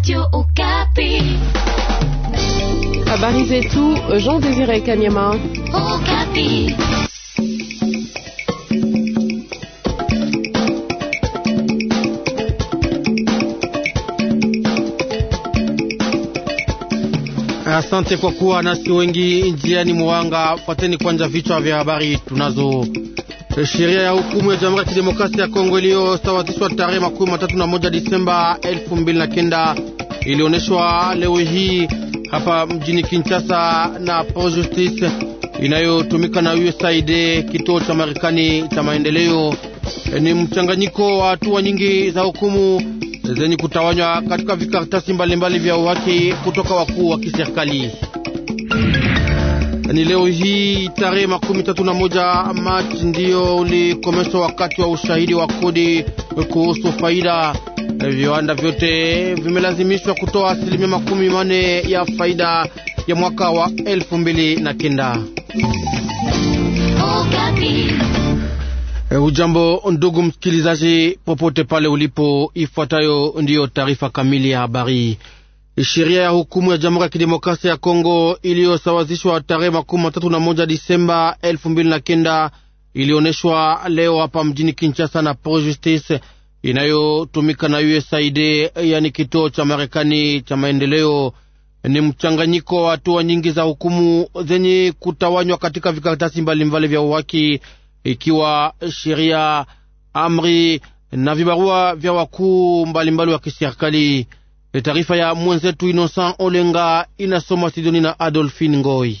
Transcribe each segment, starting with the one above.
Radio Okapi. Habari zetu Jean Désiré Kanyama. Okapi. Asante kwa kuwa nasi wengi njiani mwanga. Fateni kwanja vichwa vya habari tunazo. Sheria ya hukumu ya Jamhuri ya Kidemokrasia ya Kongo iliyosawazishwa tarehe makumi matatu na moja Disemba elfu mbili na kenda leo hii hapa mjini Kinshasa na Pro Justice inayotumika na USAID kituo cha Marekani cha maendeleo. Ni mchanganyiko wa hatua nyingi za hukumu zenye kutawanywa katika vikaratasi mbalimbali vya uhaki kutoka wakuu wa kiserikali. Ni leo hii tarehe makumi tatu na moja Machi ndio ulikomeshwa wakati wa ushahidi wa kodi kuhusu faida. Viwanda vyote vimelazimishwa kutoa asilimia makumi mane ya faida ya mwaka wa elfu mbili na kenda. E, ujambo ndugu msikilizaji, popote pale ulipo, ifuatayo ndiyo taarifa kamili ya habari. Sheria ya hukumu ya Jamhuri ya Kidemokrasia ya Kongo iliyosawazishwa tarehe makumi matatu na moja Disemba elfu mbili na kenda ilioneshwa leo hapa mjini Kinshasa na Pro Justice inayotumika na USAID, yani kituo cha Marekani cha maendeleo. Ni mchanganyiko wa hatua nyingi za hukumu zenye kutawanywa katika vikaratasi mbalimbali vya uwaki ikiwa sheria, amri na vibarua vya wakuu mbalimbali wa kiserikali. E taarifa ya mwenzetu Innocent Olenga inasoma studioni na Adolphine Ngoi.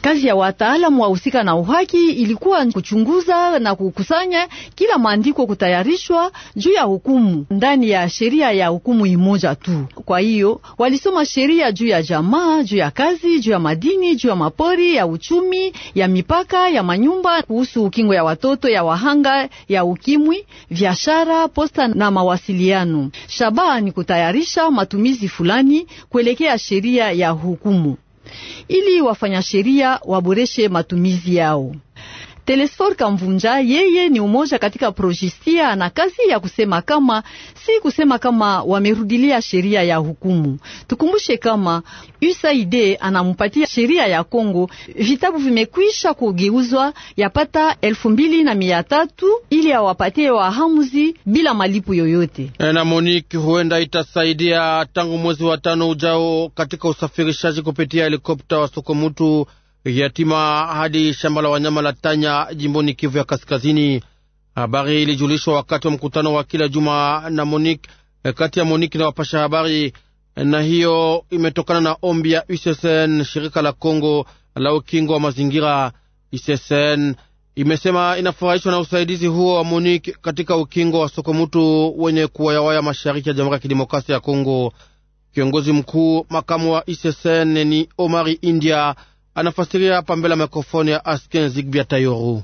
Kazi ya wataalamu wahusika na uhaki ilikuwa kuchunguza na kukusanya kila maandiko kutayarishwa juu ya hukumu ndani ya sheria ya hukumu imoja tu. Kwa hiyo walisoma sheria juu ya jamaa, juu ya kazi, juu ya madini, juu ya mapori, ya uchumi, ya mipaka, ya manyumba, kuhusu ukingo ya watoto, ya wahanga, ya ukimwi, biashara, posta na mawasiliano. Shabaha ni kutayarisha matumizi fulani kuelekea sheria ya hukumu ili wafanya sheria waboreshe matumizi yao. Telesfor Kamvunja yeye ni umoja katika Projistia na kazi ya kusema kama si kusema kama wamerudilia sheria ya hukumu. Tukumbushe kama USAID anampatia sheria ya Kongo vitabu vimekwisha kugeuzwa yapata elfu mbili na mia tatu ili awapatie wahamuzi bila malipo yoyote. E, na Monique huenda itasaidia tangu mwezi wa tano ujao katika usafirishaji kupitia helikopta wa Sokomutu yatima hadi shamba la wanyama la Tanya jimboni Kivu ya Kaskazini. Habari ilijulishwa wakati wa mkutano wa kila juma na Monique, kati ya Monique na wapasha habari, na hiyo imetokana na ombi ya USSN, shirika la Kongo la ukingo wa mazingira. USSN imesema inafurahishwa na usaidizi huo wa Monique katika ukingo wa Sokomutu wenye kuwayawaya mashariki ya Jamhuri ya Kidemokrasia ya Kongo. Kiongozi mkuu makamu wa USSN ni Omari India anafasiria hapa mbele ya mikrofoni ya Asken Zigbia Tayoru.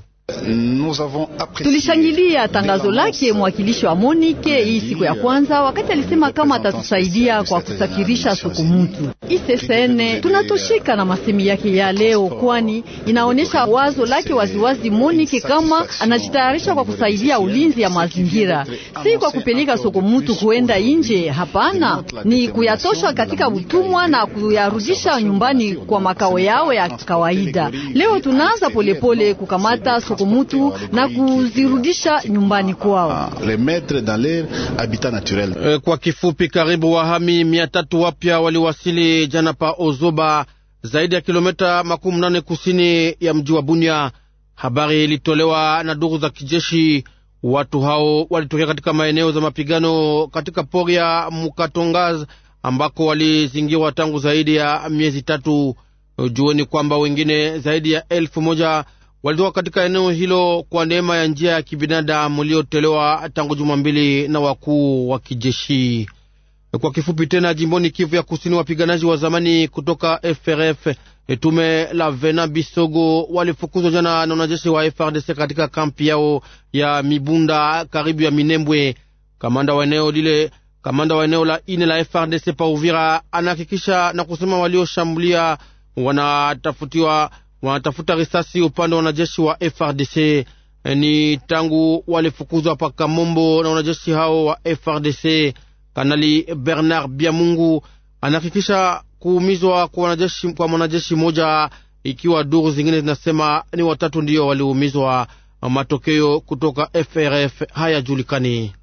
Tulishangilia tangazo lake mwakilishi wa Monike hii siku ya kwanza, wakati alisema kama atatusaidia kwa kusafirisha soko mutu isesene. Tunatoshika na masemi yake ya leo, kwani inaonyesha wazo lake waziwazi. Monike kama anajitayarisha kwa kusaidia ulinzi ya mazingira, si kwa kupeleka soko mutu kuenda nje. Hapana, ni kuyatosha katika utumwa na kuyarudisha nyumbani kwa makao yao ya kawaida. Leo tunaanza polepole kukamata soko kumutu na kuzirudisha nyumbani kwao. Ah, eh, kwa kifupi, karibu wahami mia tatu wapya waliwasili jana pa Ozoba, zaidi ya kilomita makumi nane kusini ya mji wa Bunia. Habari ilitolewa na duru za kijeshi. Watu hao walitokea katika maeneo za mapigano katika pori ya Mukatongaz ambako walizingirwa tangu zaidi ya miezi tatu. Jueni kwamba wengine zaidi ya elfu moja walitoka katika eneo hilo kwa neema ya njia ya kibinadamu iliyotolewa tangu juma mbili na wakuu wa kijeshi. Kwa kifupi tena, jimboni Kivu ya Kusini, wapiganaji wa zamani kutoka FRF tume la Vena Bisogo walifukuzwa jana na wanajeshi wa FRDC katika kampi yao ya Mibunda karibu ya Minembwe. Kamanda wa eneo lile, kamanda wa eneo la ine la FRDC pa Uvira anahakikisha na kusema walioshambulia wanatafutiwa wanatafuta risasi upande wa wanajeshi wa FRDC. Eh, ni tangu walifukuzwa paka mombo na wanajeshi hao wa FRDC. Kanali Bernard Biamungu anahakikisha kuumizwa kwa wanajeshi kwa mwanajeshi moja, ikiwa duru zingine zinasema ni watatu ndiyo waliumizwa. Matokeo kutoka FRF hayajulikani.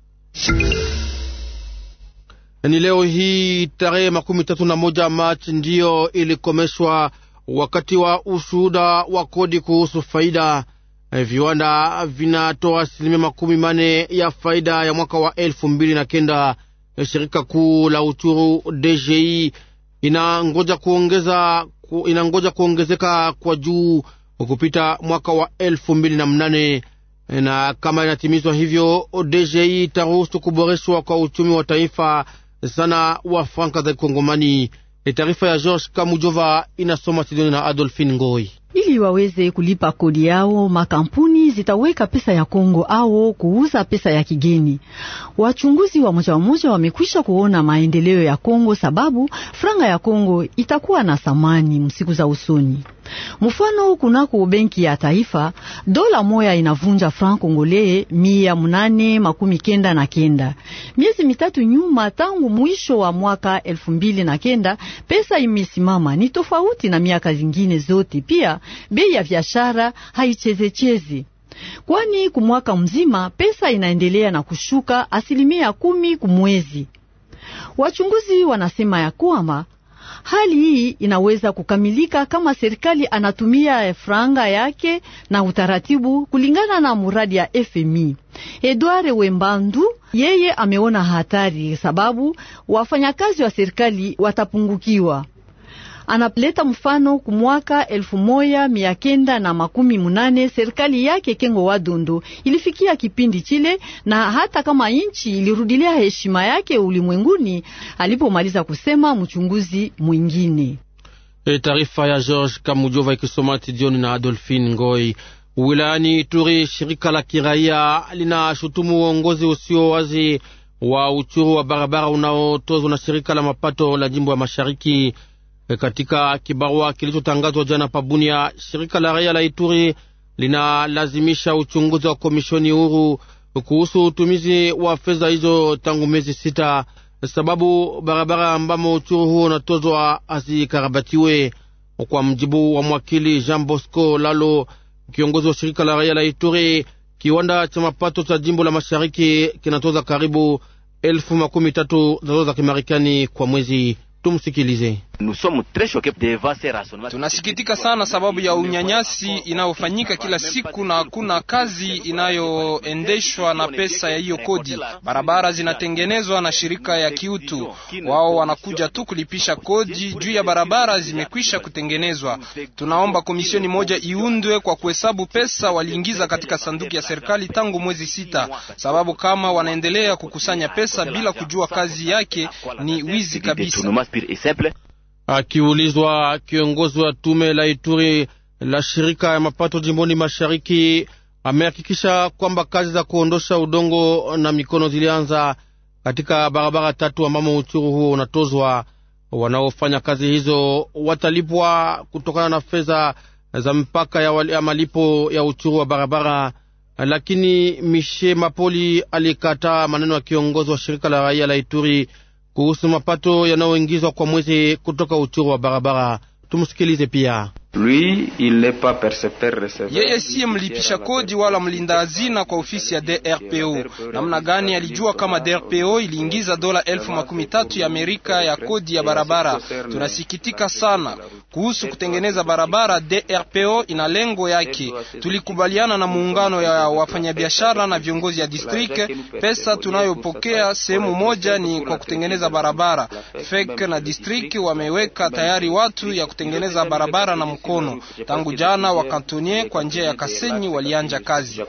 Ni leo hii tarehe makumi tatu na moja Machi ndiyo ilikomeshwa wakati wa ushuhuda wa kodi kuhusu faida. Eh, viwanda vinatoa asilimia makumi mane ya faida ya mwaka wa elfu mbili na kenda. Eh, shirika kuu la uchuru DGI inangoja kuongeza inangoja kuongezeka kwa juu kupita mwaka wa elfu mbili na mnane eh, na kama inatimizwa hivyo, DGI itaruhusu kuboreshwa kwa uchumi wa taifa sana wa franka za Kongomani. Ni taarifa ya George Kamujova inasoma tidoni na Adolphine Ngoi. Ili waweze kulipa kodi yao, makampuni zitaweka pesa ya Kongo au kuuza pesa ya kigeni. Wachunguzi wa moja moja wamekwisha kuona maendeleo ya Kongo, sababu franga ya Kongo itakuwa na thamani msiku za usoni. Mfano, kunako benki ya taifa dola moya inavunja franc kongole mia munane makumi kenda na kenda, miezi mitatu nyuma, tangu mwisho wa mwaka elfu mbili na kenda pesa imesimama, ni tofauti na miaka zingine zote. Pia bei ya biashara haichezechezi kwani kumwaka mzima pesa inaendelea na kushuka asilimia kumi kumwezi. Wachunguzi wanasema ya kwamba Hali hii inaweza kukamilika kama serikali anatumia franga yake na utaratibu kulingana na muradi ya FMI. Edward Wembandu yeye ameona hatari sababu wafanyakazi wa serikali watapungukiwa analeta mfano kumwaka elfu moya mia kenda na makumi munane serikali yake Kengo wa dondo ilifikia kipindi chile, na hata kama inchi ilirudilia heshima yake ulimwenguni, alipomaliza kusema mchunguzi mwingine. E, taarifa ya George Kamujova ikisomati jioni na Adolphine Ngoi. Wilayani Ituri, shirika la kiraia linashutumu uongozi usio wazi wa uchuru wa barabara unaotozwa na shirika la mapato la jimbo ya mashariki E, katika kibarua kilichotangazwa jana pabunia, shirika la raia la Ituri linalazimisha uchunguzi wa komishoni huru kuhusu utumizi wa fedha hizo tangu miezi sita, sababu barabara ambamo uchuru huo unatozwa asikarabatiwe. Kwa mjibu wa mwakili Jean Bosco Lalo, kiongozi wa shirika la raia la Ituri, kiwanda cha mapato cha jimbo la mashariki kinatoza karibu elfu makumi tatu za dola za Kimarekani kwa mwezi. Tumsikilize. Tunasikitika sana sababu ya unyanyasi inayofanyika kila siku, na hakuna kazi inayoendeshwa na pesa ya hiyo kodi. Barabara zinatengenezwa na shirika ya kiutu, wao wanakuja tu kulipisha kodi juu ya barabara zimekwisha kutengenezwa. Tunaomba komisioni moja iundwe kwa kuhesabu pesa waliingiza katika sanduku ya serikali tangu mwezi sita, sababu kama wanaendelea kukusanya pesa bila kujua kazi yake ni wizi kabisa. Akiulizwa kiongozi wa tume la Ituri la shirika ya mapato jimboni mashariki amehakikisha kwamba kazi za kuondosha udongo na mikono zilianza katika barabara tatu ambamo uchuru huo unatozwa. Wanaofanya kazi hizo watalipwa kutokana na fedha za mpaka ya, wali, ya malipo ya uchuru wa barabara. Lakini Mishe Mapoli alikataa maneno ya kiongozi wa shirika la raia la Ituri kuhusu mapato yanayoingizwa kwa mwezi kutoka uchuru wa barabara. Tumsikilize pia. Lui, il n'est pas yeye siye mlipisha kodi wala mlinda hazina kwa ofisi ya DRPO. Namna gani alijua kama DRPO iliingiza dola elfu makumi tatu ya Amerika ya kodi ya barabara? Tunasikitika sana kuhusu kutengeneza barabara. DRPO ina lengo yake. Tulikubaliana na muungano ya wafanyabiashara na viongozi ya district, pesa tunayopokea sehemu moja ni kwa kutengeneza barabara. FEC na district wameweka tayari watu ya kutengeneza barabara na mkoa mikono. Tangu jana wakantone kwa njia ya Kasenyi walianja kazi.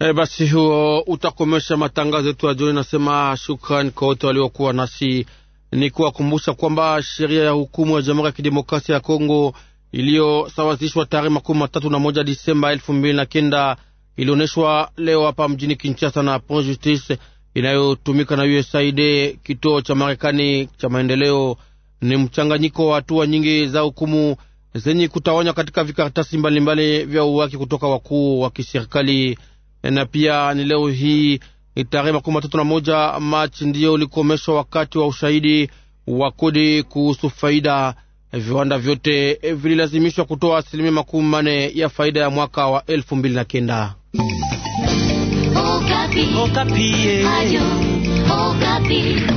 E, basi huo utakomesha matangazo yetu ya jioni. Nasema shukrani kwa wote waliokuwa nasi, ni kuwakumbusha kwamba sheria ya hukumu ya Jamhuri ya Kidemokrasia ya Kongo iliyosawazishwa tarehe makumi matatu na moja Disemba elfu mbili na kenda ilioneshwa leo hapa mjini Kinshasa na Point Justice inayotumika na USAID, kituo cha Marekani cha maendeleo ni mchanganyiko wa hatua nyingi za hukumu zenye kutawanywa katika vikaratasi mbalimbali vya uwaki kutoka wakuu wa kiserikali. Na pia ni leo hii tarehe makumi matatu na moja Machi ndiyo ulikomeshwa wakati wa ushahidi wa kodi kuhusu faida. Viwanda vyote vililazimishwa kutoa asilimia makumi mane ya faida ya mwaka wa elfu mbili na kenda. Okapi. Okapi. Eh.